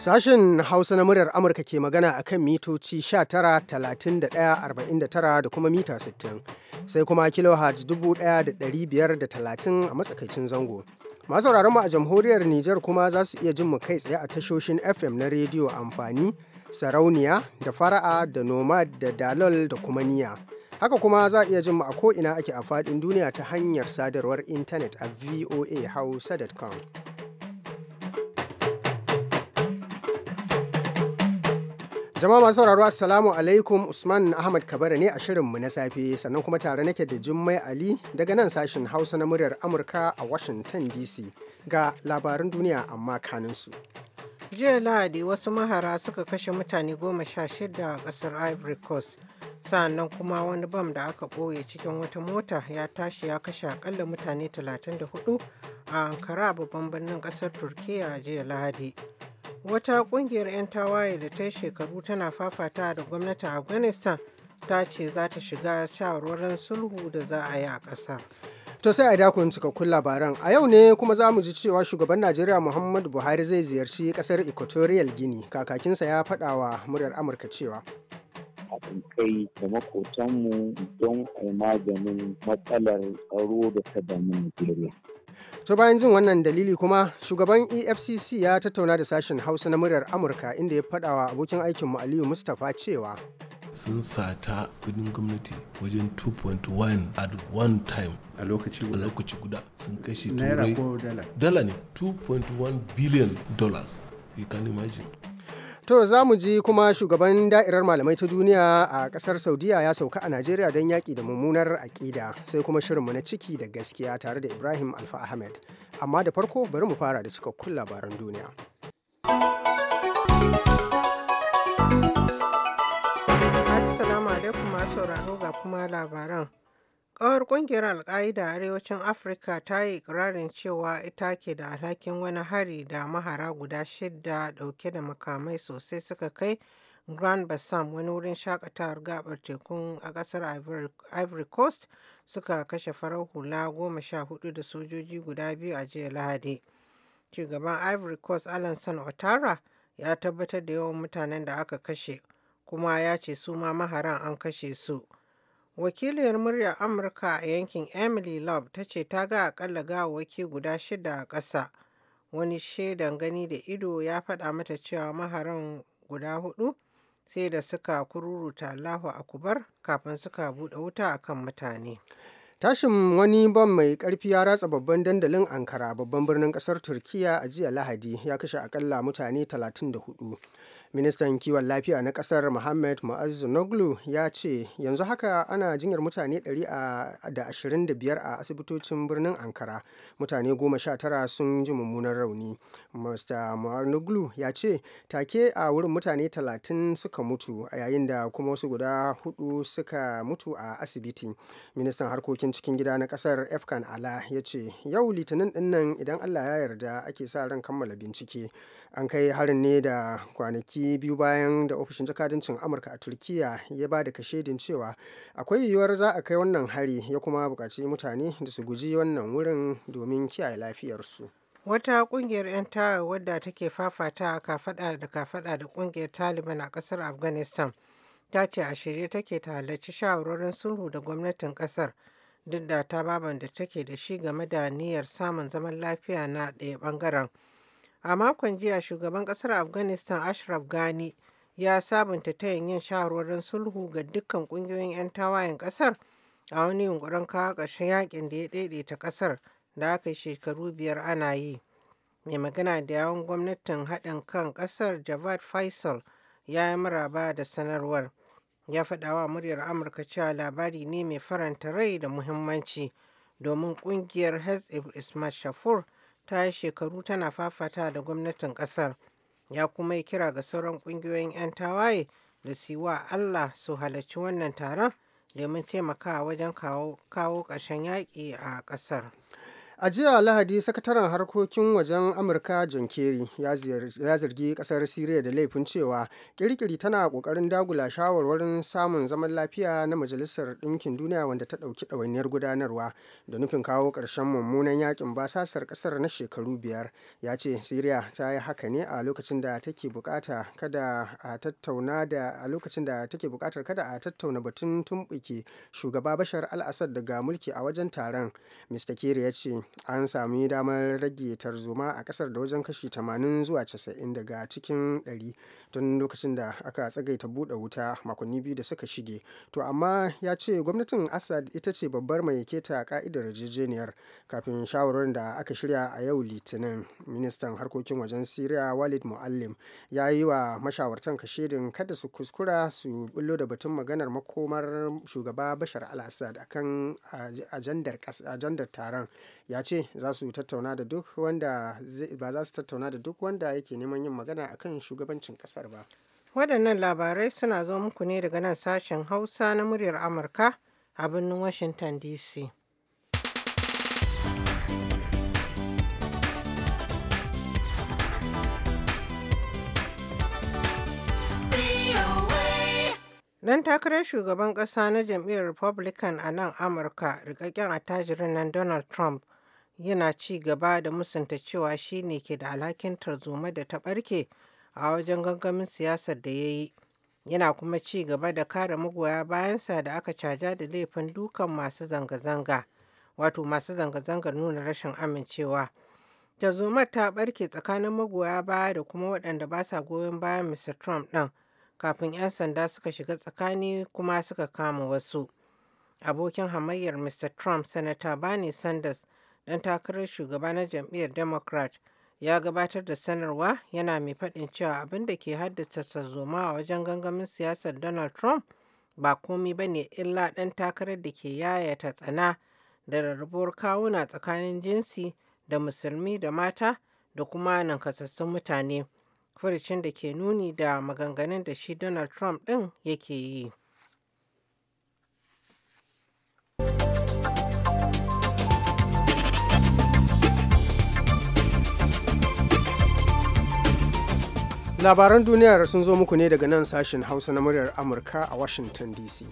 Sashen Hausa na muryar Amurka ke magana a kan mitoci 19, 31, 49 da kuma mita 60, sai kuma kilohertz 1530 a matsakaicin zango. masauraran mu a jamhuriyar Nijar kuma za su iya jin mu kai tsaye a tashoshin FM na rediyo amfani, sarauniya, da fara'a, da nomad, da dalol, da kuma niya. Haka kuma za a iya jin mu a ko'ina ake a faɗin duniya ta hanyar sadarwar intanet a voahausa.com. Jama'a masu sauraro Assalamu alaikum Usman Ahmad Kabara ne a shirinmu na safe sannan kuma tare nake da Jummai Ali daga nan sashin Hausa na muryar Amurka a Washington DC ga labaran duniya amma kaninsu. Jiya Lahadi wasu mahara suka kashe mutane goma sha shida a kasar Ivory Coast sannan kuma wani bam da aka ɓoye cikin wata mota ya tashi ya kashe akalla mutane 34 a Ankara babban birnin ƙasar Turkiyya jiya Lahadi. wata kungiyar 'yan tawaye da ta yi shekaru tana fafata da gwamnatin afghanistan ta ce za ta shiga shawarwarin sulhu da za a yi a ƙasar. To sai a dakon cikakkun labaran. A yau ne kuma za mu ji cewa shugaban Najeriya Muhammadu Buhari zai ziyarci kasar Equatorial Guinea. Kakakinsa ya faɗa wa muryar Amurka cewa. haɗin kai da makotanmu don a maganin matsalar tsaro da ta damu Najeriya. To bayan jin wannan dalili kuma shugaban EFCC ya tattauna da sashen Hausa na muryar Amurka inda ya faɗawa abokin aikinmu Aliyu Mustapha cewa sun sata kudin gwamnati wajen 2.1 at one time a lokaci guda a lokaci guda sun kashe turai dala ne 2.1 billion dollars you can imagine To za mu ji kuma shugaban da'irar malamai ta duniya a kasar Saudiya ya sauka a Najeriya don yaƙi da mummunar aƙida sai kuma shirinmu na ciki da gaskiya tare da Ibrahim Alfa Ahmed. Amma da farko bari mu fara da cikakkun labaran duniya. Assalamu alaikum masu sauraro ga kuma labaran. kawar ƙungiyar al Arewacin Afirka ta yi iƙirarin cewa ita ke da alhakin wani hari da mahara guda shidda dauke da makamai sosai suka kai Grand Bassam wani wurin shakatawar gabar tekun a ƙasar Ivory Coast suka kashe farar hula goma sha hudu da sojoji guda biyu a jiya Lahadi. Shugaban Ivory Coast Alan San Otara ya tabbatar da yawan mutanen da aka kashe kuma ya ce su ma maharan an kashe su. wakiliyar muryar amurka a yankin emily love ta ce ta ga akalla gawawwaki guda shida a ƙasa wani shaidan gani da ido ya faɗa mata cewa maharan guda hudu sai da suka kururuta a kubar kafin suka buɗe wuta a kan mutane tashin wani bom mai karfi ya ratsa babban dandalin ankara babban birnin kasar turkiya a jiya lahadi ya kashe akalla mutane 34 ministan kiwon lafiya na kasar mohammed ma'azu noglu ya ce yanzu haka ana jinyar mutane 125 a asibitocin birnin ankara mutane 19 sun ji mummunan rauni mr noglu ya ce take a wurin mutane 30 suka mutu a yayin da kuma wasu guda hudu suka mutu a asibiti ministan harkokin cikin gida na kasar efkan ala ya ce yau litinin dinnan idan allah ya yarda ake sa ran kammala bincike an kai harin ne da kwanaki kwanaki biyu bayan da ofishin jakadancin amurka a turkiya ya ba da kashedin cewa akwai yiwuwar za a kai wannan hari ya kuma buƙaci mutane da su guji wannan wurin domin kiyaye lafiyarsu wata kungiyar 'yan tawa wadda take fafata kafada da kafada da kungiyar taliban a kasar afghanistan ta ce a shirye take ta halarci shawarorin sulhu da gwamnatin kasar duk da ta baban da take da shi game da niyyar samun zaman lafiya na ɗaya bangaren A makon jiya shugaban kasar Afghanistan Ashraf Ghani ya sabunta ta yin shawarwarin sulhu ga dukkan kungiyoyin 'yan tawayen kasar a wani yunkurin kawo ƙarshen yakin da ya daidaita kasar da aka yi shekaru biyar ana yi. Mai magana da yawon gwamnatin haɗin kan kasar Javad Faisal ya yi maraba da sanarwar. Ya faɗawa muryar Amurka cewa labari ne mai faranta rai da muhimmanci domin ƙungiyar Hezbollah Ismail Shafur ta yi shekaru tana fafata da gwamnatin ƙasar ya kuma yi kira ga sauran ƙungiyoyin 'yan tawaye da siwa Allah su halarci wannan taron domin taimakawa wajen kawo ƙarshen yaƙi a ƙasar. a jiya lahadi sakataren harkokin wajen amurka john kerry ya zargi kasar syria da laifin cewa kirkiri tana kokarin dagula shawarwarin samun zaman lafiya na majalisar ɗinkin duniya wanda ta ɗauki ɗawainiyar gudanarwa da nufin kawo ƙarshen mummunan yakin basasar ƙasar na shekaru biyar ya ce syria ta yi haka ne a lokacin da take bukata kada a tattauna da a lokacin da take bukatar kada a tattauna batun tumɓuke shugaba bashar al daga mulki a wajen taron mr kerry ya ce an sami damar rage tarzoma a kasar da wajen kashi 80 zuwa 90 daga cikin 100 tun lokacin da aka tsagaita buɗe wuta makonni biyu da suka shige to amma ya ce gwamnatin assad ita ce babbar mai keta ka'idar yarjejeniyar kafin shawarar da aka shirya a yau litinin ministan harkokin wajen syria walid muallim ya yi wa mashawartan kashedin kada su kuskura su bullo da batun maganar makomar shugaba bashar al-assad akan ajandar taron ya ce tattauna da duk wanda ba za su tattauna da duk wanda yake neman yin magana akan shugabancin kasa kasar ba. Waɗannan labarai suna zo muku ne daga nan sashen Hausa na muryar Amurka a birnin Washington DC. Dan takarar shugaban ƙasa na jam'iyyar Republican a nan Amurka, rikakken attajirin nan Donald Trump yana ci gaba da musanta cewa shi ne ke da alhakin tarzoma da ta ɓarke a wajen gangamin siyasar da ya yi yana kuma ci gaba da kare magoya bayansa da aka caja da laifin dukan masu zanga-zanga wato masu zanga-zangar nuna rashin amincewa ta zo ta barke tsakanin magoya baya da kuma waɗanda ba sa goyon bayan mr trump ɗin kafin 'yan sanda suka shiga tsakani kuma suka kama wasu abokin hamayyar mr trump sanata bernie sanders ɗan takarar shugaba na jam'iyyar democrat ya gabatar da sanarwa yana mai faɗin cewa abin da ke haddasa tarzoma a wajen gangamin siyasar donald trump ba komi ba ne illa ɗan takarar da ke yayata tsana da rarrabuwar kawuna tsakanin jinsi da musulmi da mata da kuma nankasassun mutane furicin da ke nuni da maganganun da shi donald trump ɗin yake yi labaran duniyar sun zo muku ne daga nan sashen hausa na muryar amurka a washington dc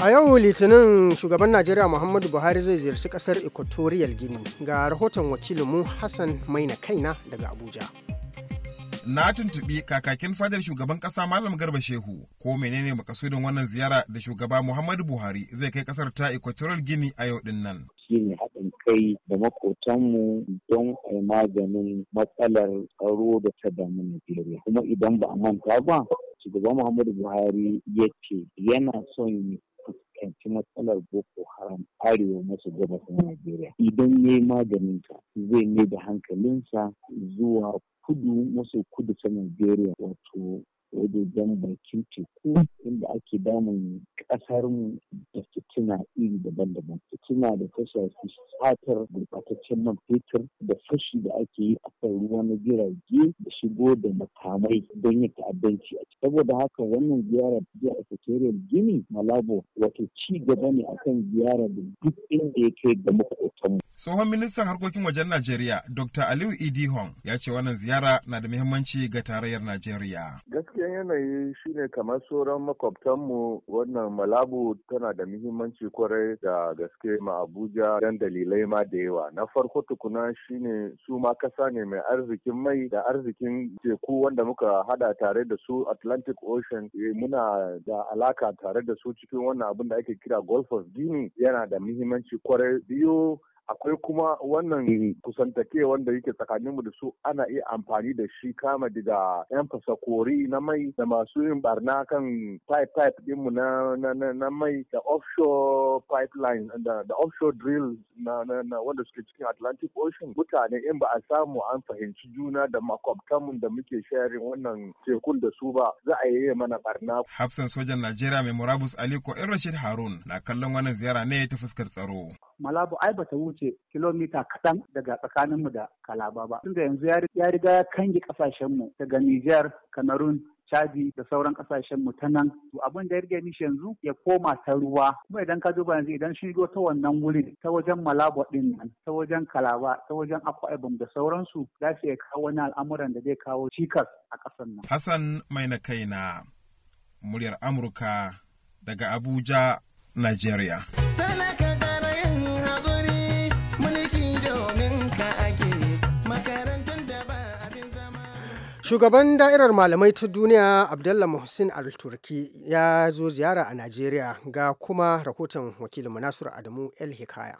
a yau litinin shugaban najeriya muhammadu buhari zai ziyarci kasar equatorial guinea ga rahoton wakilinmu hassan maina kaina daga abuja na tuntuɓi kakakin fadar shugaban ƙasa malam garba shehu ko menene makasudin wannan ziyara da shugaba muhammadu buhari zai kai ƙasar ta equatorial guinea a yau din nan shine haɗin kai da makotanmu don a maganin matsalar tsaro da ta damu Najeriya. Kuma idan ba a manta ba, shugaban Muhammadu Buhari ya ce yana son fuskanci matsalar Boko Haram arewa masu gabasin Najeriya. Idan ya yi maganinta zai ne da hankalinsa zuwa kudu masu kudu ta Najeriya wato wajen bakin teku inda ake damun ƙasarmu da fitina iri daban-daban fitina da ta shafi satar gurbataccen man fetur da fashi da ake yi a kan ruwa na jirage da shigo da makamai don yin ta'addanci a saboda haka wannan ziyarar je a sakiriyar gini malabo wato ci gaba ne akan ziyara da duk inda ya kai da makwabtanmu. tsohon ministan harkokin wajen najeriya dr aliyu idi ya ce wannan ziyara na da muhimmanci ga tarayyar najeriya gaskiyan yanayi shine kamar sauran makwabtanmu wannan malabo tana da muhimmanci muhimmanci kwarai da gaske ma Abuja dan dalilai ma da yawa. Na farko tukuna shine su ma kasa ne mai arzikin mai da arzikin teku wanda muka hada tare da su Atlantic Ocean eh, muna da alaka tare da su cikin wannan abin da ake kira Gulf of Guinea yana da muhimmanci kwarai biyu akwai kuma wannan kusantake wanda yake tsakaninmu da su ana iya amfani da shi kama daga yan fasakori na mai da masu yin barna kan pipe pipe dinmu na, mai da offshore pipeline da, da offshore drill na, wanda suke cikin atlantic ocean mutane in ba a samu an fahimci juna da makwabtanmu da muke sharing wannan tekun da su ba za a yi mana barna. hafsan sojan najeriya mai murabus aliko yan rashid harun na kallon wannan ziyara ne ta fuskar tsaro. Malabo ai bata wuce kilomita kaɗan daga tsakaninmu da Kalaba ba. Tunda yanzu ya riga ya kange ƙasashenmu daga Nijar, Cameroon, Chadi da sauran kasashen mu ta nan. To abin da ya rage mishi yanzu ya koma ta ruwa. Kuma idan ka duba yanzu idan shigo ta wannan wurin ta wajen Malabo din nan, ta wajen Kalaba, ta wajen Akwa Ibom da sauransu za su iya kawo wani al'amuran da zai kawo cikas a ƙasar nan. Hassan mai na kai na muryar Amurka daga Abuja, Nigeria. Shugaban da'irar malamai ta duniya Abdullah Muhsin Al-Turki ya zo ziyara a Najeriya ga kuma rahoton wakilinmu Nasiru Adamu El Hikaya.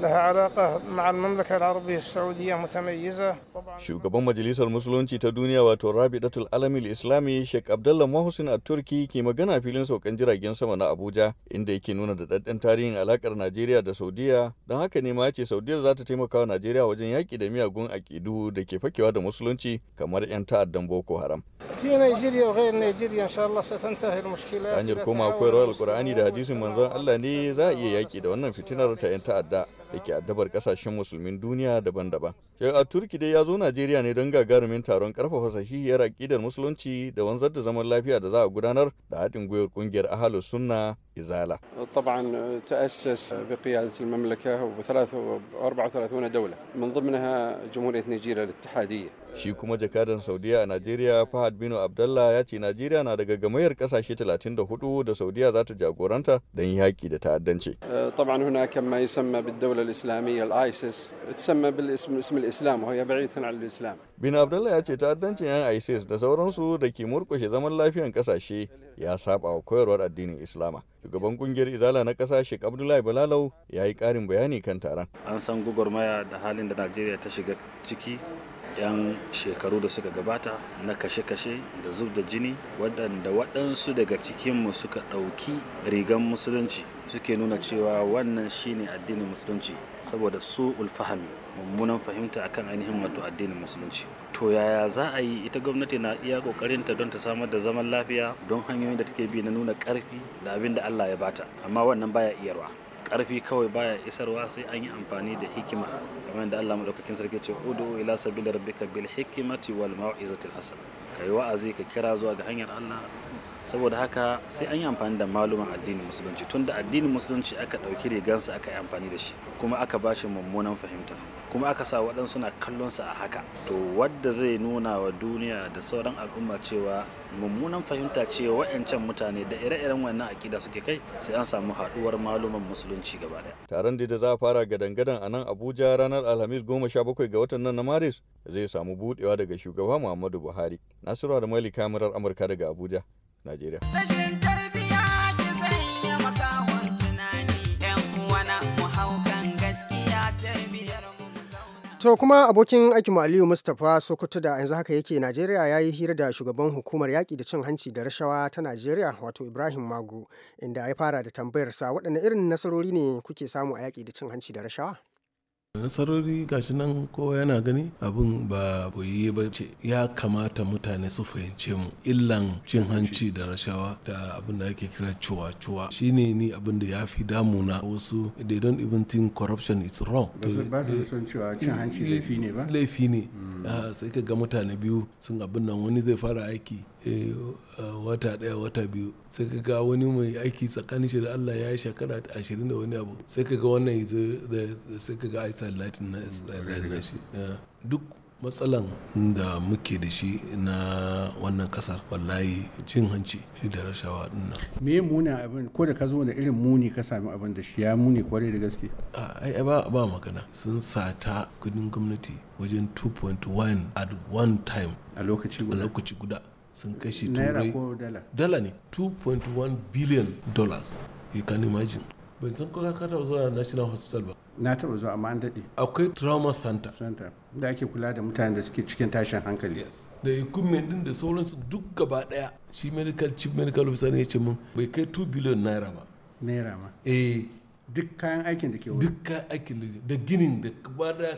لها علاقة مع المملكة العربية السعودية shugaban majalisar musulunci ta duniya wato rabidatul alamil islami sheikh abdullah mahusin a turki ke magana filin saukan jiragen sama na abuja inda yake nuna da daddan tarihin alakar najeriya da saudiya don haka ne ma yace saudiya za ta taimakawa wa najeriya wajen yaki da miyagun akidu da ke fakewa da musulunci kamar yan ta'addan boko haram hanyar koma koyarwar alkur'ani da hadisin manzon allah ne za a iya yaki da wannan fitinar ta yan ta'adda da ke addabar kasashen musulmin duniya daban-daban. a Turki dai ya zo Najeriya ne don gagarumin taron karfafa sahihiyar akidar musulunci da wanzar da zaman lafiya da za a gudanar da haɗin gwiwar kungiyar Ahalu Sunna Izala. طبعا تأسس بقيادة المملكة و 34 دولة من ضمنها جمهورية نيجيريا الاتحادية shi kuma jakadan saudiya a najeriya fahad bino abdallah ya ce najeriya na daga gamayar kasashe 34 da saudiya za ta jagoranta don yi da ta'addanci eh, bin هناك ya ce ta'addancin 'yan ISIS da sauransu da ke murkushe zaman lafiyan kasashe ya saba wa koyarwar addinin Islama. Shugaban kungiyar Izala na ƙasa Sheikh Abdullahi Balalau ya yi ƙarin bayani kan taron. An san gugurmaya da halin da Najeriya ta shiga ciki 'yan shekaru da suka gabata na kashe-kashe da zub da jini waɗanda waɗansu daga cikinmu suka ɗauki rigan musulunci suke nuna cewa wannan shine addinin musulunci saboda su ulfahami mummunan fahimta akan ainihin wato addinin musulunci to yaya za a yi ita gwamnati na iya kokarinta don ta samar da zaman lafiya don hanyoyin da take bi na nuna karfi da abin da Allah ya bata amma wannan baya iyarwa karfi kawai baya isarwa sai an yi amfani da hikima kamar da Allah madaukakin sarki ce udu ila sabila rabbika bil hikmati wal mau'izati hasana kai wa'azi ka kira zuwa ga hanyar Allah saboda haka sai an yi amfani da maluman addinin musulunci tunda addinin musulunci aka dauki rigansa aka yi amfani da shi kuma aka bashi mummunan fahimta kuma aka sa waɗansu na kallonsa a haka to wadda zai nuna wa duniya da sauran al'umma cewa mummunan fahimta cewa waɗancan mutane da ire-iren wannan akida suke kai sai an samu haɗuwar maluman musulunci gaba ɗaya. taron da za a fara gadan-gadan a nan abuja ranar alhamis goma sha bakwai ga watan nan na maris zai samu buɗewa daga shugaba muhammadu buhari nasiru da malika kamarar amurka daga abuja najeriya. To kuma abokin aikinmu Aliyu Mustapha Sokoto da yanzu haka yake Najeriya ya yi hira da shugaban hukumar yaƙi da cin hanci da rashawa ta Najeriya wato Ibrahim Magu inda ya fara da tambayarsa waɗanne irin nasarori ne kuke samu a yaƙi da cin hanci da rashawa? nasarori gashi nan kowa yana gani abin ba boye ba ce ya kamata mutane su fahimce mu illan cin hanci da rashawa da abin da ake kira cuwa-cuwa shine ni abin da ya fi damuna wasu they don't even think corruption is wrong ba su son cewa cin hanci laifi ne ba laifi ne hmm. ah, sai ka ga mutane biyu sun abin nan wani zai fara aiki Eh, wata daya wata biyu sai ka ga wani mai aiki tsakanin shi da Allah ya yi shekara ashirin da wani abu sai ka ga wannan sai ka ga ai latin na mm, shi eh, duk matsalan da muke da shi na wannan kasar wallahi cin hanci da rashawa dinnan. me muni abin ko da ka zo da irin muni ka sami abin da shi ya muni kwarai da gaske ai ba ba magana sun sata kudin gwamnati wajen 2.1 at one time a lokaci guda sun kashe turai dala ne 2.1 billion dollars you can imagine bai san ko ka taba zuwa national hospital ba na taba zuwa amma an daɗe akwai trauma center da ake kula da mutanen da suke cikin tashin hankali yes da equipment din da sauransu duk gaba daya shi medical chief medical officer ne ya ce mun bai kai 2 billion naira ba naira ma eh duk kayan aikin da ke wuri duk kayan aikin da da ginin da ba da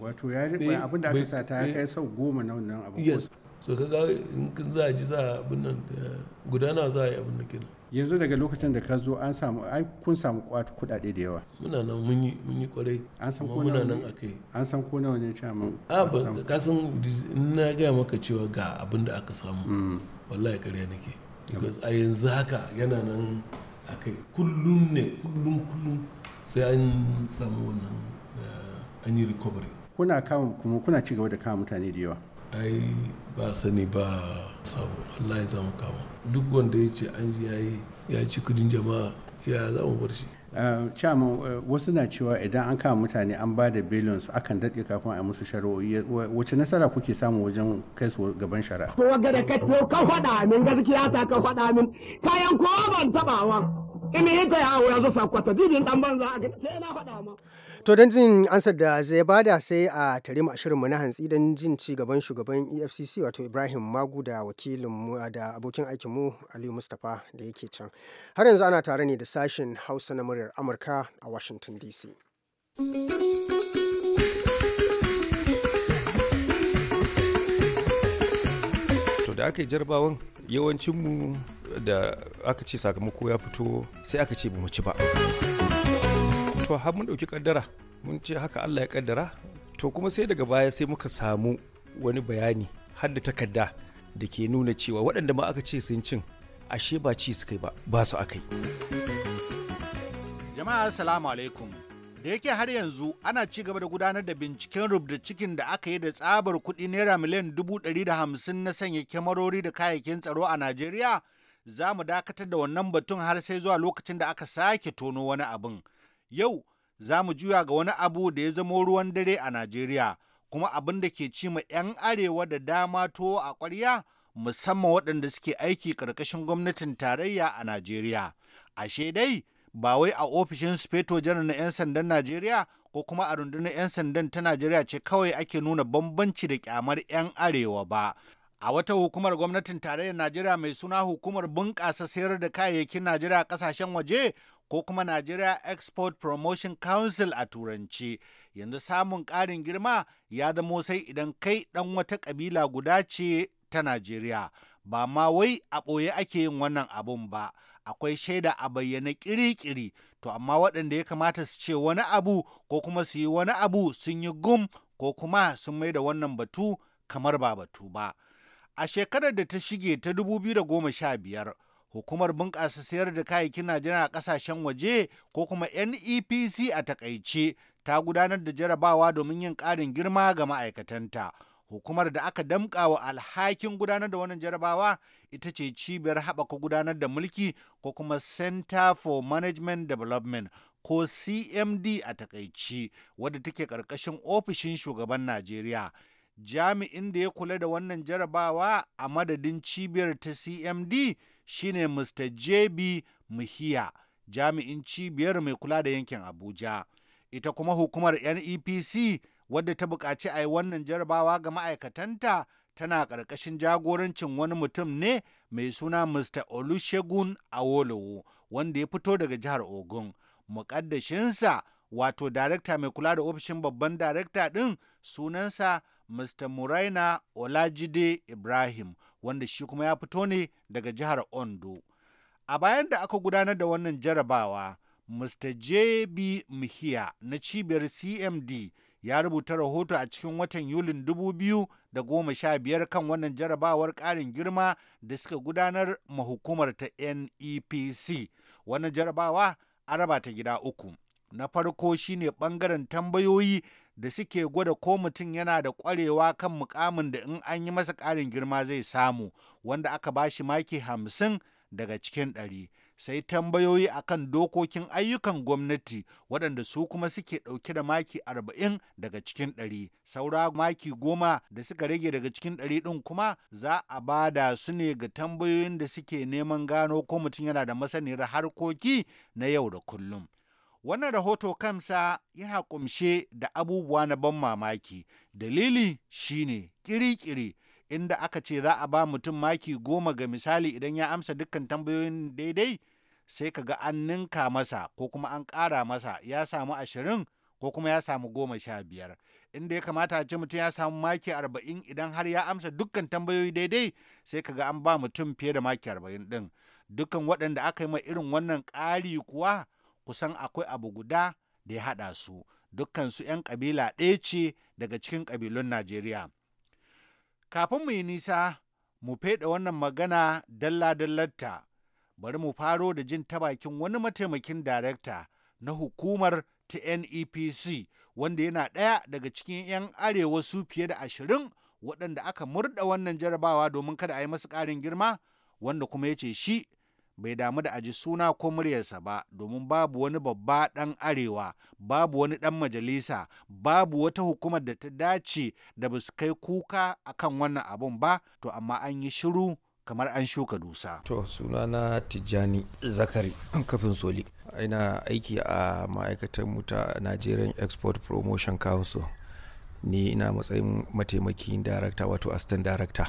wato ya riƙe abin da aka sa ta eh. kai sau goma na wannan abu yes so ka ga in za a ji za a abin nan gudana za a yi abin da yanzu daga lokacin da ka zo an samu ai kun samu kwatu kudade da yawa muna nan mun yi mun yi kwarai an san ko muna nan akai an san ko nawa ne mun a ba ka san na ga maka cewa ga abin da aka samu mm. wallahi kare nake because a yanzu haka yana nan akai kullum ne kullum kullum sai an samu wannan eh, an yi recovery kuna kama kuma kuna cigaba da kama mutane da yawa ai ba sani ba samu Allah ya zama kama duk wanda ya ce an ji yayi ya ci kudin jama'a ya za mu bar shi eh, chairman eh, wasu na cewa idan an kama mutane an ba da billions akan daɗe kafin a musu shari'o'i wace nasara kuke samu wajen kai su gaban shari'a ko ga da ka faɗa min gaskiya ta ka faɗa min kayan kowa ban tabawa To don jin ansar da zai bada sai a tare mu na hantsi don jin ci gaban shugaban EFCC wato Ibrahim Magu da wakilin mu da abokin aikin mu Aliyu Mustapha da yake can. Har yanzu ana tare ne da sashen Hausa na muryar Amurka a Washington DC. To da aka yi jarabawan yawancin mu da aka ce sakamako ya fito sai aka ce mu ci ba to har mun ɗauki ƙaddara mun ce haka allah ya ƙaddara to kuma sai daga baya sai muka samu wani bayani har da takarda da ke nuna cewa waɗanda ma aka ce sun cin ashe ba ci su yi ba ba su aka yi jama'a assalamu alaikum da yake har yanzu ana ci gaba da gudanar da binciken rubda cikin da aka yi da tsabar kuɗi naira miliyan dubu ɗari da hamsin na sanya kyamarori da kayayyakin tsaro a najeriya za mu dakatar da wannan batun har sai zuwa lokacin da aka sake tono wani abin yau za mu juya ga wani abu da ya zamo ruwan dare a najeriya kuma abin da ke ci ma 'yan arewa da dama to a ƙwarya musamman waɗanda suke aiki ƙarƙashin gwamnatin tarayya a najeriya ashe dai ba wai a ofishin speto janar na 'yan sandan najeriya ko kuma a rundunar 'yan sandan ta najeriya ce kawai ake nuna bambanci da kyamar 'yan arewa ba a wata hukumar gwamnatin tarayyar najeriya mai suna hukumar bunƙasa sayar da kayayyakin najeriya ƙasashen waje ko kuma Najeriya Export Promotion Council a Turanci. Yanzu samun ƙarin girma ya zamo sai idan kai ɗan wata ƙabila guda ce ta Najeriya. Ba ma wai a ɓoye ake yin wannan abun ba, akwai shaida a bayyana kiri-kiri to amma waɗanda ya kamata su ce wani abu ko kuma su yi wani abu sun yi gum ko kuma sun mai da wannan batu kamar ba batu ba a shekarar da ta shige ta 2015 hukumar bunƙasa sayar da kayayyakin najeriya a ƙasashen waje ko kuma nepc a takaice ta gudanar da jarabawa domin yin ƙarin girma ga ma'aikatanta hukumar da aka damƙa wa alhakin gudanar da wannan jarabawa ita ce cibiyar haɓaka gudanar da mulki ko kuma center for management development ko cmd a takaici wadda take ƙarƙashin ofishin shugaban najeriya jami'in da ya kula da wannan jarabawa a madadin cibiyar ta cmd shine mr jb muhiya jami'in cibiyar mai kula da yankin abuja ita kuma hukumar nepc wadda ta buƙaci a yi wannan jarabawa ga ma'aikatanta tana ƙarƙashin jagorancin wani mutum ne mai suna Mr. Olusegun Awolowo wanda ya fito daga jihar Ogun. Muƙaddashinsa wato darakta mai kula da ofishin babban darakta ɗin sunansa Mr. Muraina Olajide Ibrahim wanda shi kuma ya fito ne daga jihar Ondo. A bayan da aka gudanar da wannan jarabawa, Mr. J.B. Mihia na cibiyar CMD ya rubuta rahoto a cikin watan Yulin 2015 kan wannan jarabawar ƙarin girma da suka gudanar mahukumar ta NEPC. Wannan jarabawa a raba ta gida uku. Na farko shine ɓangaren tambayoyi da suke gwada ko mutum yana da ƙwarewa kan mukamin da in an yi masa ƙarin girma zai samu, wanda aka bashi maki hamsin daga cikin ɗari sai tambayoyi akan dokokin ayyukan gwamnati waɗanda su kuma suke ɗauke da maki arba'in daga cikin ɗari saura maki goma da suka rage daga cikin ɗari ɗin kuma za a ba da su ne ga tambayoyin da suke neman gano ko mutum yana da masaniyar harkoki na yau da kullum wannan rahoto kansa yana kumshe da abubuwa na ban mamaki dalili shine ƙiri kiri inda aka ce za a ba mutum maki goma ga misali idan ya amsa dukkan tambayoyin daidai sai ka ga an ninka masa ko kuma an kara masa ya samu ashirin ko kuma ya samu goma sha biyar inda ya kamata a ce mutum ya samu maki arba'in idan har ya amsa dukkan tambayoyi daidai sai ka ga an ba mutum fiye da maki arba'in ɗin dukkan waɗanda aka yi ma irin wannan ƙari kuwa kusan akwai abu guda da ya haɗa su dukkan su 'yan kabila ɗaya ce daga cikin kabilun najeriya Kafin mu yi nisa, mu feɗe wannan magana dalla-dallarta, bari mu faro da jin ta bakin wani mataimakin darekta na hukumar ta NEPC wanda yana ɗaya daga cikin 'yan arewa su fiye da ashirin waɗanda aka murda wannan jarabawa domin kada a yi masu ƙarin girma wanda kuma ya ce shi bai damu da aji suna ko muryarsa ba domin babu wani babba ɗan arewa babu wani ɗan majalisa babu wata hukumar da ta dace da ba su kai kuka akan wannan abun ba to amma an yi shiru kamar an shuka dusa. To suna na Tijjani Zakari kafin soli. Ina aiki a ma'aikatar muta Nigerian Export Promotion Council. Ni ina matsayin mataimakin director wato assistant darakta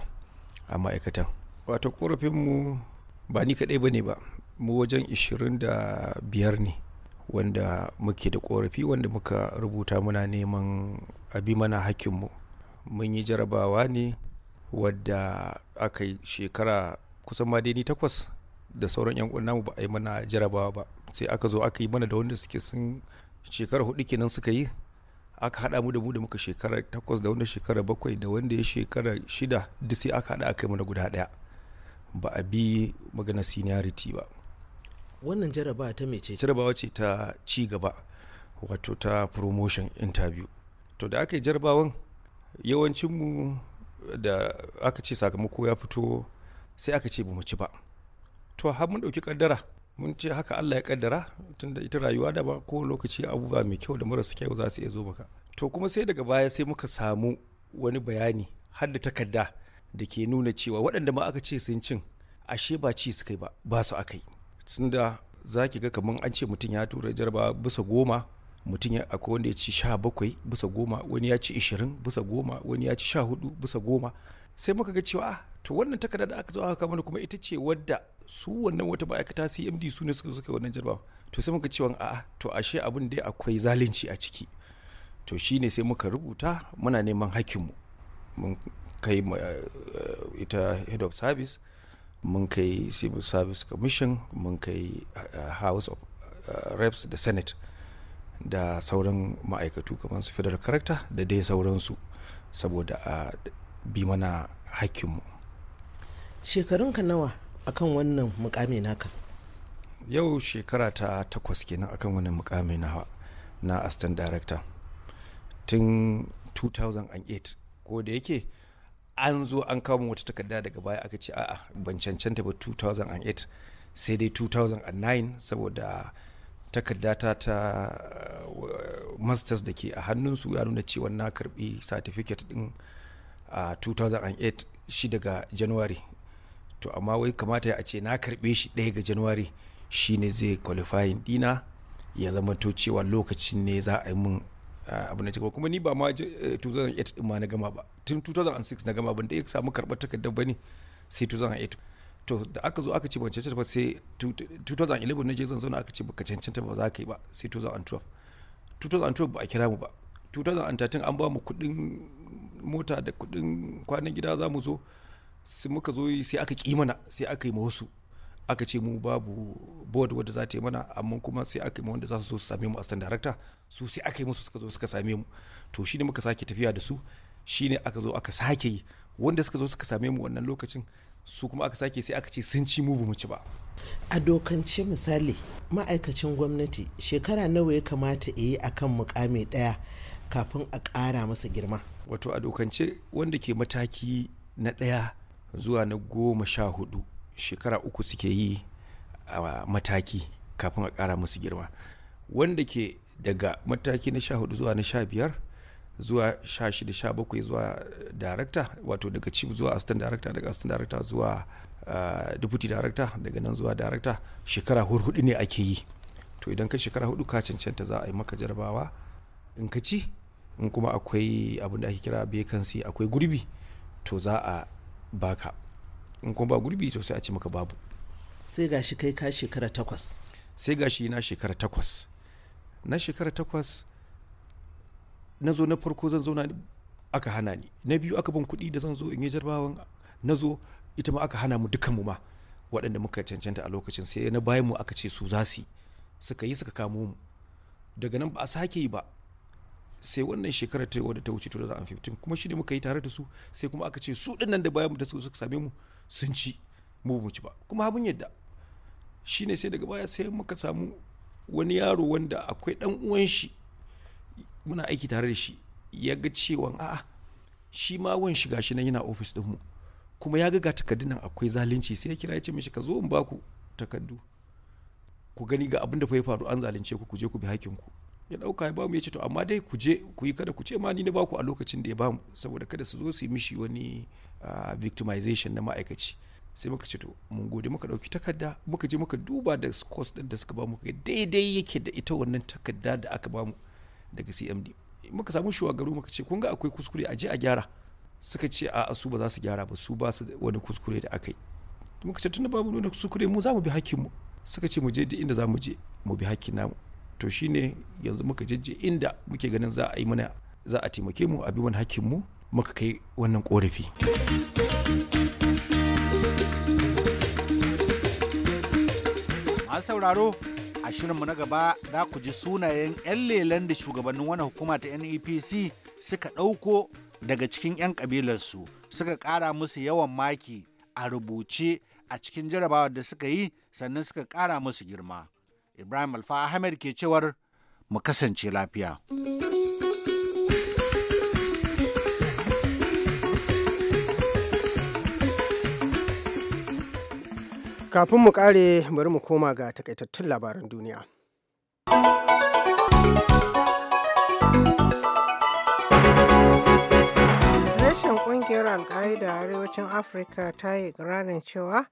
a ma'aikatan. Wato korafinmu ba ni kaɗai ba ne ba mu wajen 25 ne wanda muke da korafi wanda muka rubuta muna neman abi mana hakinmu mun yi jarabawa ne wadda aka yi shekara kusan ma ni takwas da sauran yan uwan namu ba a yi mana jarabawa ba sai aka zo aka yi mana da wanda suke sun shekara hudu kenan suka yi aka haɗa mu da mu da muka shekara takwas da wanda shekara bakwai da wanda ya shekara shida duk sai aka haɗa aka yi mana guda ɗaya ba a bi magana seniority ba wannan jaraba ta mece jarabawa ce ta ci gaba wato ta promotion interview to da aka yi jarabawan yawancinmu da aka ce sakamako ya fito sai aka ce mu ci ba to har mun ɗauki kaddara mun ce haka Allah ya kaddara tunda ita rayuwa da ba ko lokaci abubuwa mai kyau da marasa kyau za su iya zo maka to kuma sai daga baya sai muka samu wani bayani har da takarda da ke nuna cewa waɗanda ma aka ce sun cin ashe ba ci suka yi ba ba su aka yi da za ki ga kamar an ce mutum ya tura jarba bisa goma mutum ya akwai wanda ya ci sha bakwai bisa goma wani ya ci ishirin bisa goma wani ya ci sha hudu bisa goma sai muka ga cewa ah, to wannan takarda da aka zo aka kama kuma ita ce wadda su wannan wata ma'aikata cmd su ne suka suka wannan jarba to sai muka cewa a'a to ashe abin dai akwai zalunci a ciki to shine sai muka rubuta muna neman hakkinmu mun kai eh, eh, ita head of service mun kai civil service commission mun kai eh, house of reps da senate da sauran ma'aikatu kamar su federal character da dai sauransu saboda a bi mana hakkinmu ka nawa akan wannan mukami naka yau shekara ta takwas kenan akan wannan mukami nawa na aston director tun 2008 ko da yake an zo an kama wata takarda daga baya aka ce a'a ban cancanta ba 2008 sai dai 2009 saboda takarda ta ta uh, masters da ke a hannunsu ya nuna cewa na karbi certificate din a 2008 shi daga january to amma wai kamata a ce na karbe shi ɗaya ga january shine zai qualifying dina ya zama to cewa lokacin ne za a yi mun abu na cikin kuma ni ba ma 2008 eh, din ma na gama ba tun 2006 na gama ban da ya samu karɓar takardar ba ne sai 2008 to da aka zo aka ce ban cancanta ba sai 2011 na je zan zauna aka ce baka cancanta ba za ka yi ba sai 2012 2012 ba a kira mu ba 2013 an ba mu kuɗin mota da kuɗin kwanan gida za mu zo sai muka zo sai aka ƙi mana sai aka yi ma wasu aka ce mu babu board wadda za ta yi mana amma kuma sai aka yi wanda za su zo su same mu assistant director su sai aka yi musu suka zo suka same mu to shine muka sake tafiya da su shine aka zo aka sake yi wanda suka zo suka same mu wannan lokacin su kuma aka sake sai aka ce sun ci mu bamu ci ba a dokance misali ma'aikacin gwamnati shekara nawa ya kamata yi akan mukami daya kafin a ƙara masa girma wato a dokance wanda ke mataki na daya zuwa na goma sha hudu shekara uku suke yi a mataki kafin a ƙara musu girma wanda ke daga mataki na sha hudu zuwa na sha biyar zuwa sha shida sha bakwai zuwa darakta wato daga chief zuwa assistant darakta daga assistant darakta zuwa deputy darakta daga nan zuwa darakta shekara hurhudu ne ake yi to idan ka shekara hudu ka cancanta za a yi maka jarabawa in ka ci in kuma akwai abin da ake kira vacancy akwai gurbi to za a baka in kuma ba gurbi to sai a ce maka babu sai gashi kai ka shekara takwas sai gashi na shekara takwas na shekara takwas na zo na farko zan zauna aka hana ni na biyu aka ban kuɗi da zan zo in yi jarbawan na zo ita ma aka hana mu dukkan mu ma waɗanda muka cancanta a lokacin sai na bayan mu aka ce su za su suka yi suka kamo mu daga nan ba a sake yi ba sai wannan shekarar ta wadda ta wuce 2015 kuma shi ne muka yi tare da su sai kuma aka ce su ɗin nan da bayan mu da su suka same mu sun ci mu mu ci ba kuma abin yadda shine sai daga baya sai muka samu wani yaro wanda akwai dan uwan shi muna aiki tare da shi ya ga cewa a'a shi ma wan shiga shi nan yana ofis din mu kuma ya ga ga takardun nan akwai zalunci sai ya kira ya ce mishi ka zo in baku takardu ku gani ga abin da fa ya faru an zalunce ku ku je ku bi hakkin ku ya dauka ya bamu ya ce to amma dai ku je ku yi kada ku ce ma ni na baku a lokacin da ya bamu saboda kada su zo su yi mishi wani victimization na ma'aikaci sai muka ce to mun gode muka dauki takarda muka je muka duba da course din da suka bamu kai daidai yake da ita wannan takarda da aka bamu daga CMD muka samu shugabaru muka ce kun ga akwai kuskure a je a gyara suka ce a su ba za su gyara ba su ba su wani kuskure da aka yi muka ce tunda babu wani kuskure mu za mu bi hakkin mu suka ce mu je duk inda za mu je mu bi hakkin namu to shine yanzu muka jijji inda muke ganin za a yi mana za a taimake mu a bi wani hakkin mu muka kai wannan korafi masu sauraro a shirinmu na gaba za ku ji sunayen 'yan lelen da shugabannin wani hukuma ta nepc suka ɗauko daga cikin 'yan ƙabilarsu suka ƙara musu yawan maki a rubuce a cikin jarabawar da suka yi sannan suka ƙara musu girma Ibrahim Alfa Ahmed ke cewar mu kasance lafiya. Kafin mu kare bari mu koma ga takaitattun labaran duniya. Rashin kungiyar al arewacin Afirka ta yi ranar cewa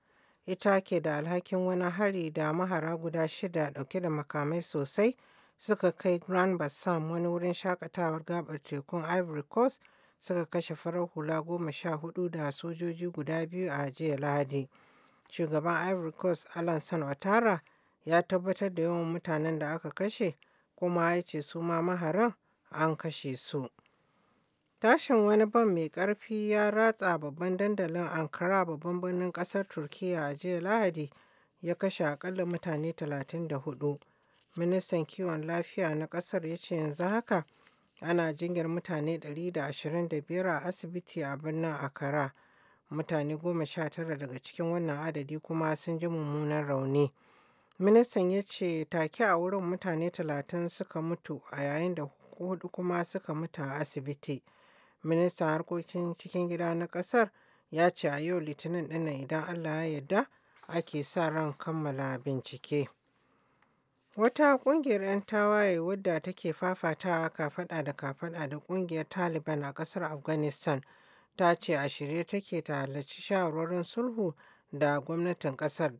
ita ke da alhakin wani hari da mahara guda shida dauke da makamai sosai suka kai grand bassam wani wurin shakatawar gabar tekun ivory coast suka kashe farar hula goma sha hudu da sojoji guda biyu a jiya lahadi shugaban ivory coast san watara ya tabbatar da yawan mutanen da aka kashe kuma ya ce su ma maharan an kashe su Tashin wani ban mai ƙarfi ya ratsa babban dandalin Ankara babban birnin ƙasar Turkiyya a jiya Lahadi ya kashe akalla mutane 34. Ministan kiwon lafiya na ƙasar ya ce yanzu haka ana jinyar mutane 125 a asibiti a birnin Ankara. Mutane goma sha tara daga cikin wannan adadi kuma sun ji mummunan rauni. Ministan ya ce take a wurin mutane talatin suka mutu a yayin da hudu kuma suka mutu a asibiti. Ministan harkokin cikin gida na ƙasar ya ce a yau litinin dinnan idan Allah ya yarda ake sa ran kammala bincike. Wata ƙungiyar 'yan tawaye wadda take fafatawa kafaɗa da kafaɗa da ƙungiyar Taliban a ƙasar Afghanistan ta ce a shirye take ta halarci shawarwarin sulhu da gwamnatin ƙasar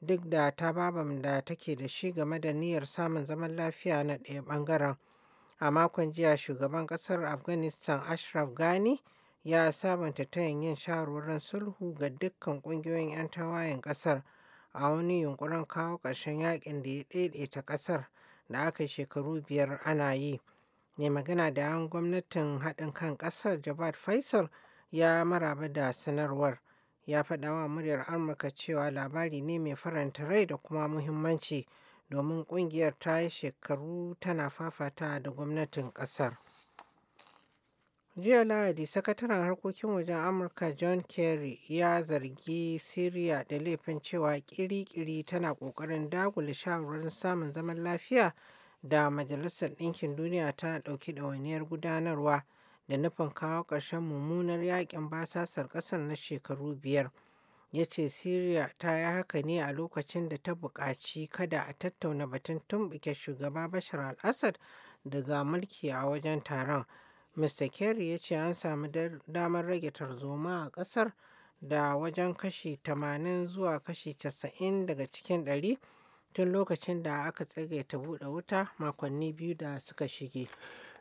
duk da ta babam da take da shi game da niyyar samun zaman lafiya na ɗaya ɓangaren. A makon jiya shugaban ƙasar Afghanistan Ashraf Ghani ya sabanta ta yin shawarwarin sulhu ga dukkan ƙungiyoyin 'yan tawayen ƙasar a wani yunkurin kawo ƙarshen yakin da ya ɗaiɗaita ƙasar da aka shekaru biyar ana yi. Mai magana da yan gwamnatin haɗin kan ƙasar Javad Faisal ya maraba da sanarwar. Ya faɗawa muryar Amurka cewa labari ne mai faranta rai da kuma muhimmanci. domin ƙungiyar ta yi shekaru tana fafata da gwamnatin ƙasar. jiya lahadi sakataren harkokin wajen amurka john kerry ya zargi syria da laifin cewa kirikiri tana kokarin dagula shawarar samun zaman lafiya da majalisar ɗinkin duniya ta ɗauki ɗawainiyar gudanarwa da nufin kawo ƙarshen mummunar yakin basasar ƙasar na shekaru biyar ya ce Siriya ta yi haka ne a lokacin da ta buƙaci kada a tattauna batun tumbuke shugaba Bashar al-Assad daga mulki a wajen taron. Mr. Kerry ya ce an samu damar rage tarzoma a ƙasar da wajen kashi 80 zuwa kashi 90 daga cikin 100 tun lokacin da aka ta bude wuta makonni biyu da suka shige.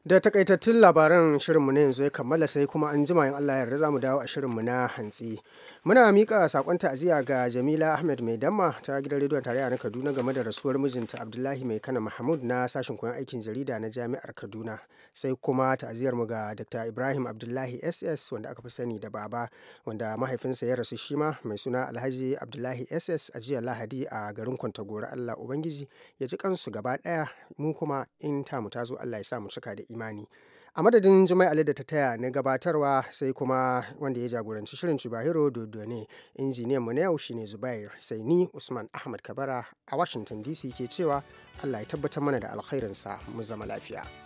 da takaitattun labaran shirinmu na yanzu ya kammala sai kuma an jima yin Allah yarda za mu dawo a shirinmu na hantsi muna mika sakon ta'aziyya ga Jamila Ahmed Mai Damma ta gidan rediyon tarayya na Kaduna game da rasuwar mijinta Abdullahi Mai Kana Mahmud na sashin koyon aikin jarida na Jami'ar Kaduna sai kuma ta'aziyar mu ga Dr. Ibrahim Abdullahi SS wanda aka fi sani da Baba wanda mahaifinsa ya rasu shima mai suna Alhaji Abdullahi SS a jiya Lahadi a garin Kwantagora Allah Ubangiji ya ji kansu gaba daya mu kuma in ta ta zo Allah ya sa mu cika da imani. a madadin jimai ali da ta taya na gabatarwa sai kuma wanda ya jagoranci shirin cibahiro dodone injiniyan mu na yau shine zubair sai ni usman ahmad kabara a washington dc ke cewa allah ya tabbatar mana da alkhairinsa mu zama lafiya